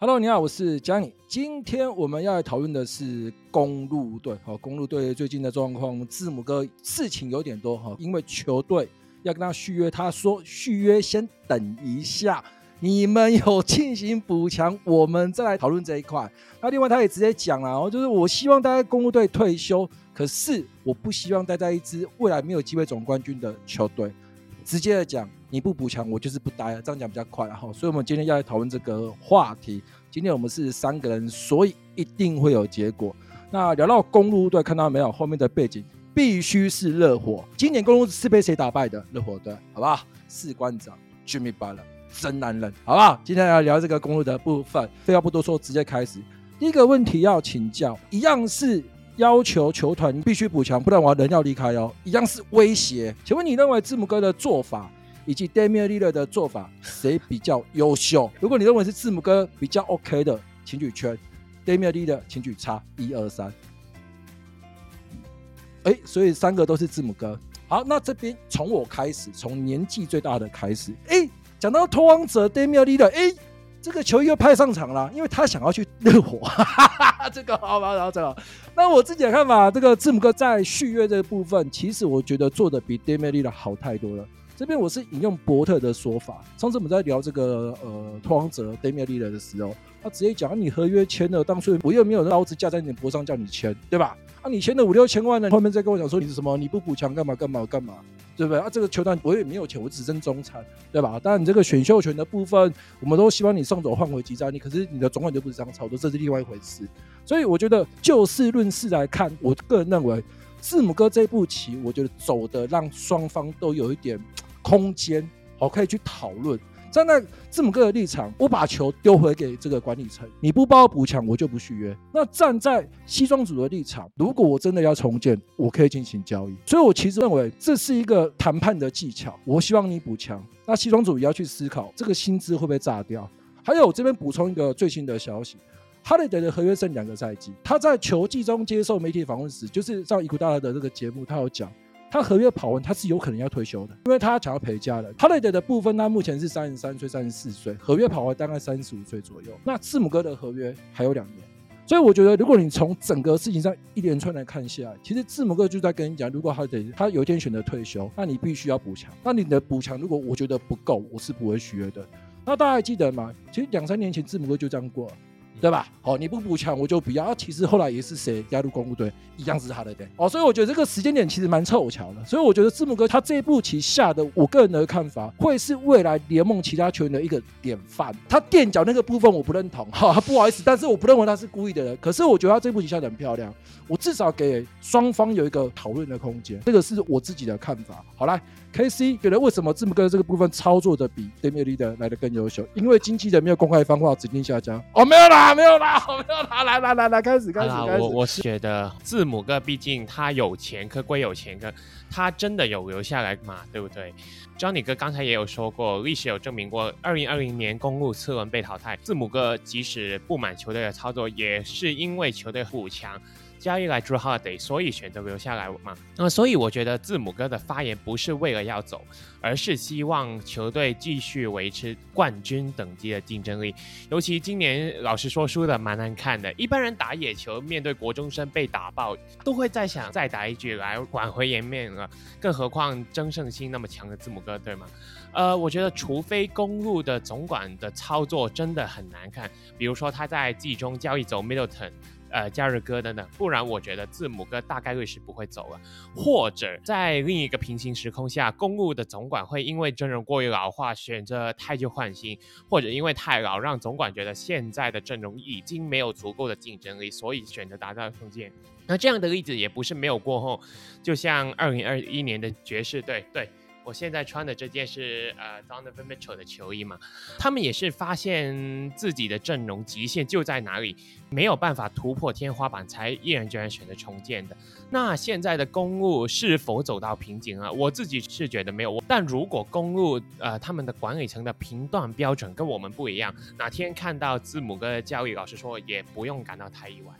哈嘍，Hello, 你好，我是 Johnny 今天我們要來討論的是公鹿隊，好，公鹿隊最近的狀況。字母哥事情有點多，哈，因為球隊要跟他續約，他說續約先等一下。你們有進行補強，我們再來討論這一塊。那另外他也直接講了，哦，就是我希望待在公鹿隊退休，可是我不希望待在一支未來沒有機會總冠軍的球隊。直接的講。你不補強，我就是不待啊！這樣講比較快哈。所以我們今天要來討論這個話題。今天我們是三個人，所以一定會有結果。那聊到公鹿，隊，看到沒有？後面的背景必須是熱火。今年公鹿是被誰打敗的？熱火隊，好不好？士官長 Jimmy Butler, 真男人，好不好？今天來聊這個公鹿的部分，廢話不多說，直接開始。第一個問題要請教，一樣是要求球團必須補強，不然我人要離開哦。一樣是威脅。請問你認為字母哥的做法？以及 Damian Lillard 的做法，誰比較優秀？ 如果你認為是字母哥比較 OK 的，請舉圈；Damian Lillard 請舉叉。一二三，哎，所以三個都是字母哥。好，那這邊從我開始，從年紀最大的開始。哎、欸，講到投王者 Damian Lillard 哎，這個球又派上場了、啊，因為他想要去熱火。 這個好吧，然後這個。那我自己的看法，這個字母哥在續約這個部分，其實我覺得做的比 Damian Lillard 好太多了。這邊我是引用伯特的說法。上次我們在聊這個呃拓荒者 Damian Lillard 的時候，他直接講、啊：你合約簽了，當初我又沒有刀子架在你脖子上叫你簽，對吧？啊，你簽了五六千萬呢，後面再跟我講說你是什麼？你不補強幹嘛幹嘛幹嘛？對不對？啊，這個球團我也沒有錢，我只剩中產，對吧？當然，你這個選秀權的部分，我們都希望你送走換回幾張你，可是你的總管就不是這樣操作，這是另外一回事。所以我覺得就事論事來看，我個人認為字母哥這一步棋，我覺得走得讓雙方都有一點。空間，我可以去討論。站在字母哥的立場，我把球丟回給這個管理層，你不幫我補強，我就不續約。那站在西裝組的立場，如果我真的要重建，我可以進行交易。所以，我其實認為這是一個談判的技巧。我希望你補強，那西裝組也要去思考這個薪資會不會炸掉。還有，我這邊補充一個最新的消息：哈雷德的合約剩兩個賽季。他在球季中接受媒體訪問時，就是上伊古達的這個節目，他有講。他合約跑完，他是有可能要退休的，因為他想要陪家人。他雷的部分，他目前是三十三歲、三十四歲，合約跑完大概三十五歲左右。那字母哥的合約還有兩年，所以我覺得，如果你從整個事情上一連串來看下來，其實字母哥就在跟你講，如果他得他有一天選擇退休，那你必須要補強。那你的補強，如果我覺得不夠，我是不會續約的。那大家還記得嗎？其實兩三年前，字母哥就這樣過。對吧？哦，你不補強，我就不要、啊。其實後來也是誰加入公鹿隊，一樣是他的隊。哦，所以我覺得這個時間點其實蠻湊巧的。所以我覺得字母哥他這一步棋下的，我個人的看法，會是未來聯盟其他球員的一個典範。他墊腳那個部分我不認同，哈、哦，不好意思，但是我不認為他是故意的人。可是我覺得他這步棋下的很漂亮。我至少給雙方有一個討論的空間。這個是我自己的看法。好來，來，KC 覺得為什麼字母哥這個部分操作的比 Dame Lillard 來的更優秀？因為經紀人沒有公開放話，指定下家。哦、oh,，沒有了。啊沒有啦，我沒有啦。來來來來開始開始開始。我我是覺得字母哥，畢竟他有前科歸有前科，他真的有留下來嘛？對不對？Johnny 哥剛才也有說過，歷史有證明過，二零二零年公鹿次輪被淘汰，字母哥即使不滿球隊的操作，也是因為球隊不強。交易來 Jrue Holiday，所以選擇留下來嘛。那、呃、麼，所以我覺得字母哥的發言不是為了要走，而是希望球隊繼續維持冠軍等級的競爭力。尤其今年老實說，輸的蠻難看的，一般人打野球面對國中生被打爆，都會再想再打一局來挽回顏面了。更何況爭勝心那麼強的字母哥，對嗎？呃，我覺得除非公鹿的總管的操作真的很難看，比如說他在季中交易走 Middleton。呃，假日哥等等，不然我覺得字母哥大概率是不會走了，或者在另一個平行時空下，公鹿的總管會因為陣容過於老化，選擇汰舊換新，或者因為太老，讓總管覺得現在的陣容已經沒有足夠的競爭力，所以選擇打造重建。那這樣的例子也不是沒有過，吼。就像二零二一年的爵士隊，對。對我現在穿的這件是呃，Donovan Mitchell 的球衣嘛。他們也是發現自己的陣容極限就在哪裡，沒有辦法突破天花板，才毅然決然選擇重建的。那現在的公鹿是否走到瓶頸啊？我自己是覺得沒有，但如果公鹿呃他們的管理層的評斷標準跟我們不一樣，哪天看到字母哥的交易，老實說也不用感到太意外。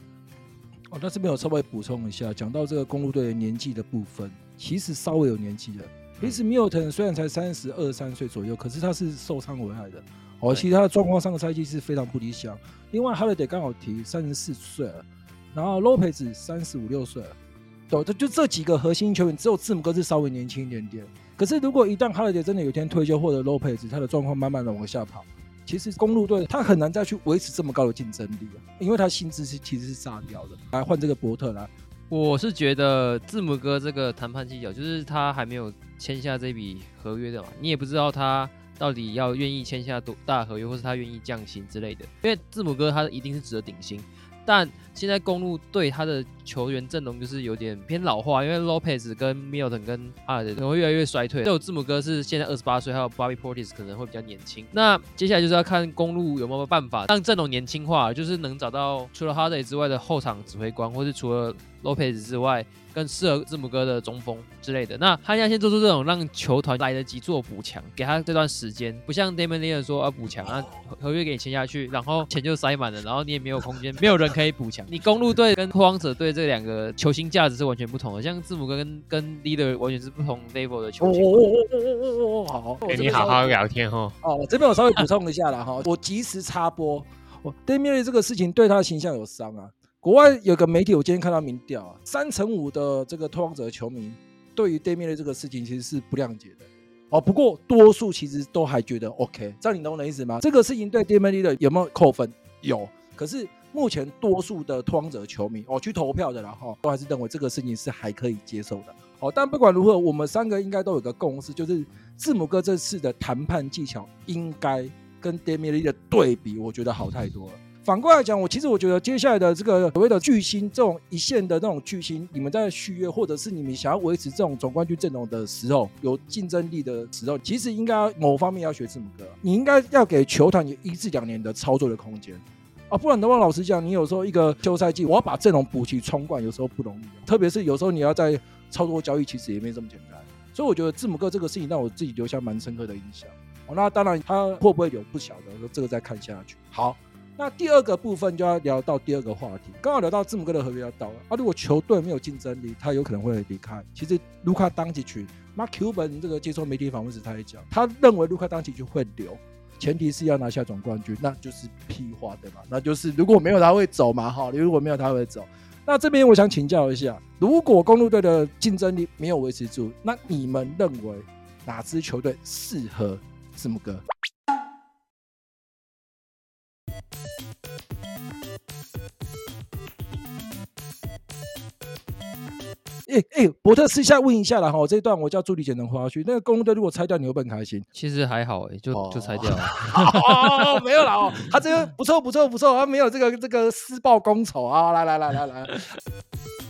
哦，那這邊我稍微補充一下，講到這個公鹿隊的年紀的部分，其實稍微有年紀的。其實 Milton 雖然才三十二三歲左右，可是他是受傷回來的。哦，其實他的狀況上個賽季是非常不理想。對另外 Holiday 剛好提三十四歲了，然後 Lopez 三十五六歲了對，就這幾個核心球員，只有字母哥是稍微年輕一點點。可是，如果一旦 Holiday 真的有一天退休，或者 Lopez 他的狀況慢慢的往下跑，其實公鹿隊他很難再去維持這麼高的競爭力啊，因為他薪資是其實是炸掉的。來換這個伯特來。我是覺得字母哥這個談判技巧，就是他還沒有簽下這筆合約的嘛，你也不知道他到底要願意簽下多大合約，或是他願意降薪之類的。因為字母哥他一定是值得頂薪，但現在公鹿隊他的。球員陣容就是有點偏老化，因為 Lopez 跟 Milton 跟 Hardy 可能會越來越衰退。只有字母哥是現在二十八歲，還有 Bobby Portis 可能會比較年輕。那接下來就是要看公路有沒有辦法讓陣容年輕化，就是能找到除了 Hardy 之外的後場指揮官，或是除了 Lopez 之外更適合字母哥的中鋒之類的。那他應該先做出這種讓球團來得及做補強，給他這段時間，不像 Damian Lillard 說要補強，合約給你簽下去，然後錢就塞滿了，然後你也沒有空間，沒有人可以補強。 你公路隊跟開拓者隊這這兩個球星價值是完全不同的，像字母哥跟跟 Lillard 完全是不同 level 的球星。哦哦哦哦哦哦哦，好，好，跟、欸、你好好聊天哈。哦，哦，這邊我稍微補充一下了哈、 哦，我及時插播，我 Damian Lillard 這個事情對他的形象有傷啊。國外有個媒體，我今天看到民調、啊，三成五的這個拓荒者的球迷對於 Damian Lillard 這個事情其實是不諒解的。哦，不過多數其實都還覺得 OK，這樣你懂我的意思嗎？這個事情對 Damian Lillard 有沒有扣分？有，可是。目前，多數的托恩者球迷哦，去投票的然後都還是認為這個事情是還可以接受的。哦，但不管如何，我們三個應該都有個共識，就是字母哥這次的談判技巧應該跟 Demir 的對比，我覺得好太多了。對反過來講，我其實我覺得，接下來的這個所謂的巨星，這種一線的那種巨星，你們在續約或者是你們想要維持這種總冠軍陣容的時候，有競爭力的時候，其實應該某方面要學字母哥，你應該要給球團有一至兩年的操作的空間。啊，哦、不然的話，老實講，你有時候一個休賽季，我要把陣容補齊、衝冠，有時候不容易、啊。特別是有時候你要在操作交易，其實也沒這麼簡單。所以我覺得字母哥這個事情讓我自己留下蠻深刻的印象、哦。那當然他會不會留，不曉得，這個再看下去。好，那第二個部分就要聊到第二個話題，剛好聊到字母哥的合約要到了。啊，如果球隊沒有競爭力，他有可能會離開。其實盧卡東契奇，馬庫班這個接受媒體訪問時他也講，他認為盧卡東契奇會留。前提是要拿下總冠軍，那就是屁話，對吧？那就是如果沒有他會走嘛，哈，如果沒有他會走。那這邊我想請教一下，如果公鹿隊的競爭力沒有維持住，那你們認為哪支球隊適合字母哥？哎哎，伯、欸欸、特，私下問一下啦哈！這這段我叫助理剪成花絮，那個公鹿隊如果拆掉，你會不會開心？其實還好哎、欸，就、哦、就拆掉，了哦 哦，哦，哦，哦沒有啦哦，他這個不錯不錯不錯，他沒有這個這個私報公仇啊、哦！來來來來來。來來